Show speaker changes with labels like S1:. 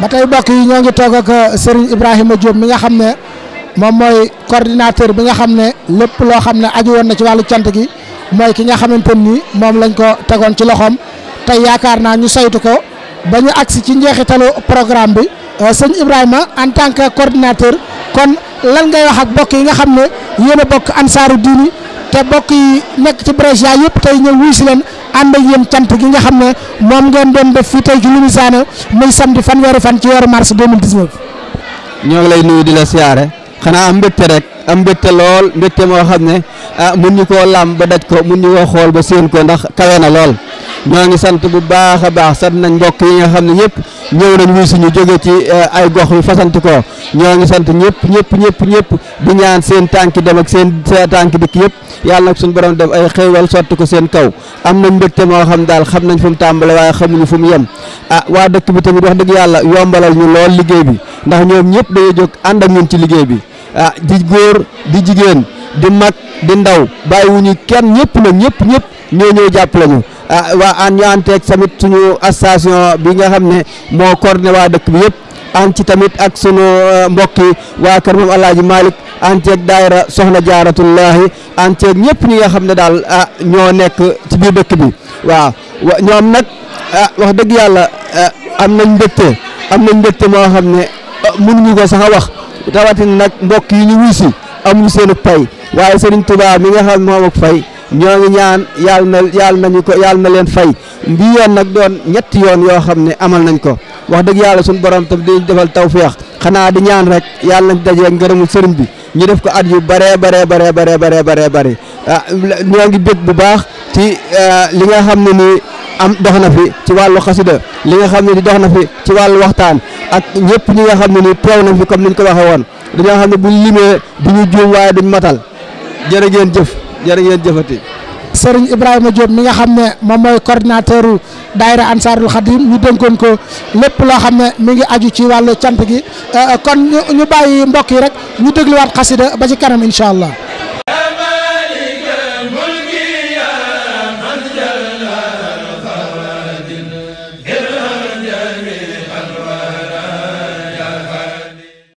S1: ba tey mbokk yi ñoo ngi toog ak euh, Serigne Ibrahima jóom mi nga xam ne moom mooy coordinateur bi nga xam ne lépp loo xam ne aju woon na ci wàllu cant gi mooy ki nga xamante nii moom lañ ko tegoon ci loxoom tey yaakaar naa ñu saytu ko ba ñu agsi ci njeexitalu programme bi euh, sëñ Ibrahima en tant que coordinateur kon lan ngay wax ak mbokk yi nga xam ne yéen a bokk ansaaru diini te mbokk yi nekk ci Brescia yëpp tey ñëw wuy si leen ànd ak yéen sant gi nga xam ne moom ngeen doon def fii tey ci Lonisane
S2: muy samedi fanweeri fan ci weeru mars 2019. ñoo ngi lay nuyu di la siyaare xanaa am mbégte rek am mbégte lool mbégte moo xam ne ah mun ñu koo lam ba daj ko mun ñu koo xool ba séen ko ndax kawe na lool moo ngi sant bu baax a baax sant nañ mbokk yi nga xam ne yëpp. ñëw nañ wuy suñu jóge ci eh, ay gox yu fasanti ko ñoo ngi sant ñëpp ñëpp ñëpp ñëpp di ñaan seen tànki dem ak seen tànki dikk yëpp yàlla nag suñu borom def ay xéewal sotti ko seen kaw am nañ mbégte moo xam daal xam nañ fu mu tàmbale waaye xamuñu fu mu yem ah waa dëkk bi tamit wax dëgg yàlla yombalal ñu lool liggéey bi ndax ñoom ñëpp dañuy jóg ànd ak ñun ci liggéey bi ah di góor di jigéen di mag di ndaw bàyyiwuñu kenn ñëpp nag ñëpp ñëpp ñoo ñëw jàppale ñu ah, waa ànd ñu ànteeg tamit suñu station bi nga xam ne moo coordonné waa dëkk bi yëpp ànd ci tamit ak sunu euh, mbokk yi waa kër moom Alaaji Malick ànd ceeg daayira soxna jaaratullahi ànd ceeg ñëpp ñi nga xam ne daal ah ñoo nekk ci biir dëkk bi waaw ñoom nag ah, wax dëgg yàlla ah, am nañ mbégte am nañ mbégte moo xam ne mënuñu ko sax a wax rawatina nag mbokk yi ñu wuy si amul seen pay waaye Serigne Touba mi nga xam moom ak fay ñoo ngi ñaan yàlla na yàlla nañu ko yàlla na leen fay mbi yoon nag doon ñetti yoon yoo xam ne amal nañ ko wax dëgg yàlla suñu borom tam di defal tawféex xanaa di ñaan rek yàlla nañ daje ngërëmul sëriñ bi ñu def ko at yu bare bare bare bare bare bare bare ah, ñoo ngi bég bu baax ci eh, li nga xam ne nii am dox na fi ci wàllu xasida li nga xam waxtaan ak ñëpp ñi nga xam ne ni teew na fi comme ni ko waxee woon dañoo xam ne buñ limee du ñu juum waaye duñ matal jërë ngeen jëf jërë ngeen jëfati Serigne
S1: Ibrahima Diop mi nga xam ne moom mooy coordinateur daayira Ansaarul Xadim ñu dénkoon ko lépp loo xam ne mi ngi aju ci wàllu cant gi euh, kon ñu bàyyi mbokk yi rek ñu dégluwaat xasida ba ci kanam incha allah